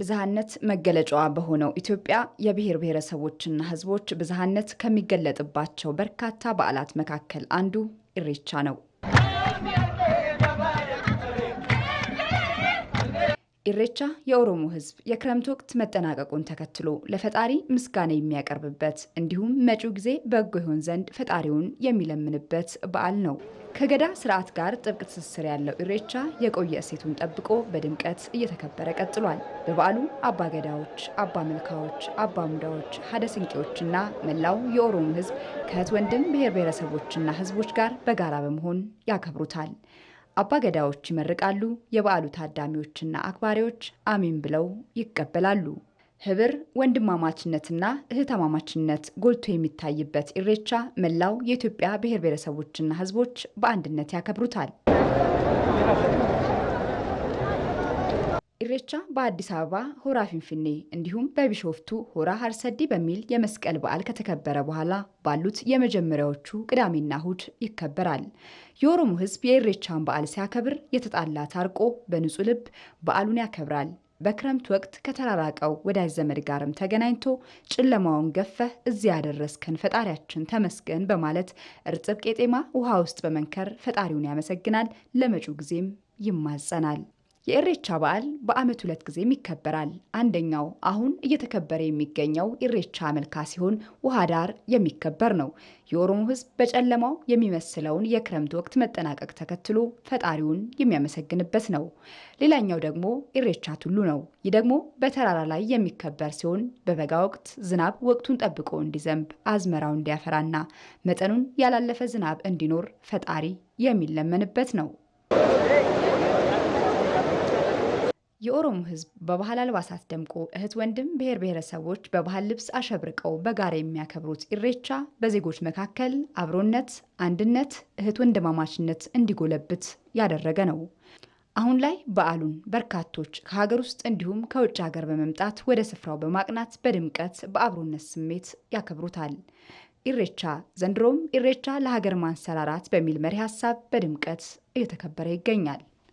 ብዝሃነት መገለጫዋ በሆነው ኢትዮጵያ የብሔር ብሔረሰቦችና ሕዝቦች ብዝሃነት ከሚገለጥባቸው በርካታ በዓላት መካከል አንዱ ኢሬቻ ነው። ኢሬቻ የኦሮሞ ሕዝብ የክረምት ወቅት መጠናቀቁን ተከትሎ ለፈጣሪ ምስጋና የሚያቀርብበት እንዲሁም መጪው ጊዜ በጎ ይሆን ዘንድ ፈጣሪውን የሚለምንበት በዓል ነው። ከገዳ ስርዓት ጋር ጥብቅ ትስስር ያለው ኢሬቻ የቆየ እሴቱን ጠብቆ በድምቀት እየተከበረ ቀጥሏል። በበዓሉ አባ ገዳዎች፣ አባ መልካዎች፣ አባ ሙዳዎች፣ ሀደ ስንቄዎችና መላው የኦሮሞ ሕዝብ ከእህት ወንድም ብሔር ብሔረሰቦችና ሕዝቦች ጋር በጋራ በመሆን ያከብሩታል። አባገዳዎች ይመርቃሉ፣ የበዓሉ ታዳሚዎችና አክባሪዎች አሚን ብለው ይቀበላሉ። ህብር ወንድማማችነትና እህተማማችነት ጎልቶ የሚታይበት ኢሬቻ መላው የኢትዮጵያ ብሔር ብሔረሰቦችና ህዝቦች በአንድነት ያከብሩታል። ኢሬቻ በአዲስ አበባ ሆራ ፊንፊኔ እንዲሁም በቢሾፍቱ ሆራ ሀርሰዲ በሚል የመስቀል በዓል ከተከበረ በኋላ ባሉት የመጀመሪያዎቹ ቅዳሜና እሁድ ይከበራል። የኦሮሞ ሕዝብ የኢሬቻን በዓል ሲያከብር የተጣላ ታርቆ በንጹህ ልብ በዓሉን ያከብራል። በክረምት ወቅት ከተራራቀው ወዳጅ ዘመድ ጋርም ተገናኝቶ ጨለማውን ገፈህ እዚህ ያደረስከን ፈጣሪያችን ተመስገን በማለት እርጥብ ቄጤማ ውሃ ውስጥ በመንከር ፈጣሪውን ያመሰግናል። ለመጪው ጊዜም ይማጸናል። የእሬቻ በዓል በዓመት ሁለት ጊዜም ይከበራል። አንደኛው አሁን እየተከበረ የሚገኘው ኢሬቻ መልካ ሲሆን ውሃ ዳር የሚከበር ነው። የኦሮሞ ሕዝብ በጨለማው የሚመስለውን የክረምት ወቅት መጠናቀቅ ተከትሎ ፈጣሪውን የሚያመሰግንበት ነው። ሌላኛው ደግሞ ኢሬቻ ቱሉ ነው። ይህ ደግሞ በተራራ ላይ የሚከበር ሲሆን በበጋ ወቅት ዝናብ ወቅቱን ጠብቆ እንዲዘንብ አዝመራው እንዲያፈራና መጠኑን ያላለፈ ዝናብ እንዲኖር ፈጣሪ የሚለመንበት ነው። የኦሮሞ ህዝብ በባህል አልባሳት ደምቆ እህት ወንድም ብሔር ብሔረሰቦች በባህል ልብስ አሸብርቀው በጋራ የሚያከብሩት ኢሬቻ በዜጎች መካከል አብሮነት፣ አንድነት፣ እህት ወንድማማችነት እንዲጎለብት ያደረገ ነው። አሁን ላይ በዓሉን በርካቶች ከሀገር ውስጥ እንዲሁም ከውጭ ሀገር በመምጣት ወደ ስፍራው በማቅናት በድምቀት በአብሮነት ስሜት ያከብሩታል። ኢሬቻ ዘንድሮም ኢሬቻ ለሀገር ማንሰራራት በሚል መሪ ሀሳብ በድምቀት እየተከበረ ይገኛል።